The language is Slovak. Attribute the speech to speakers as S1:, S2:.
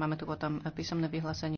S1: Máme tu potom písomné vyhlásenie.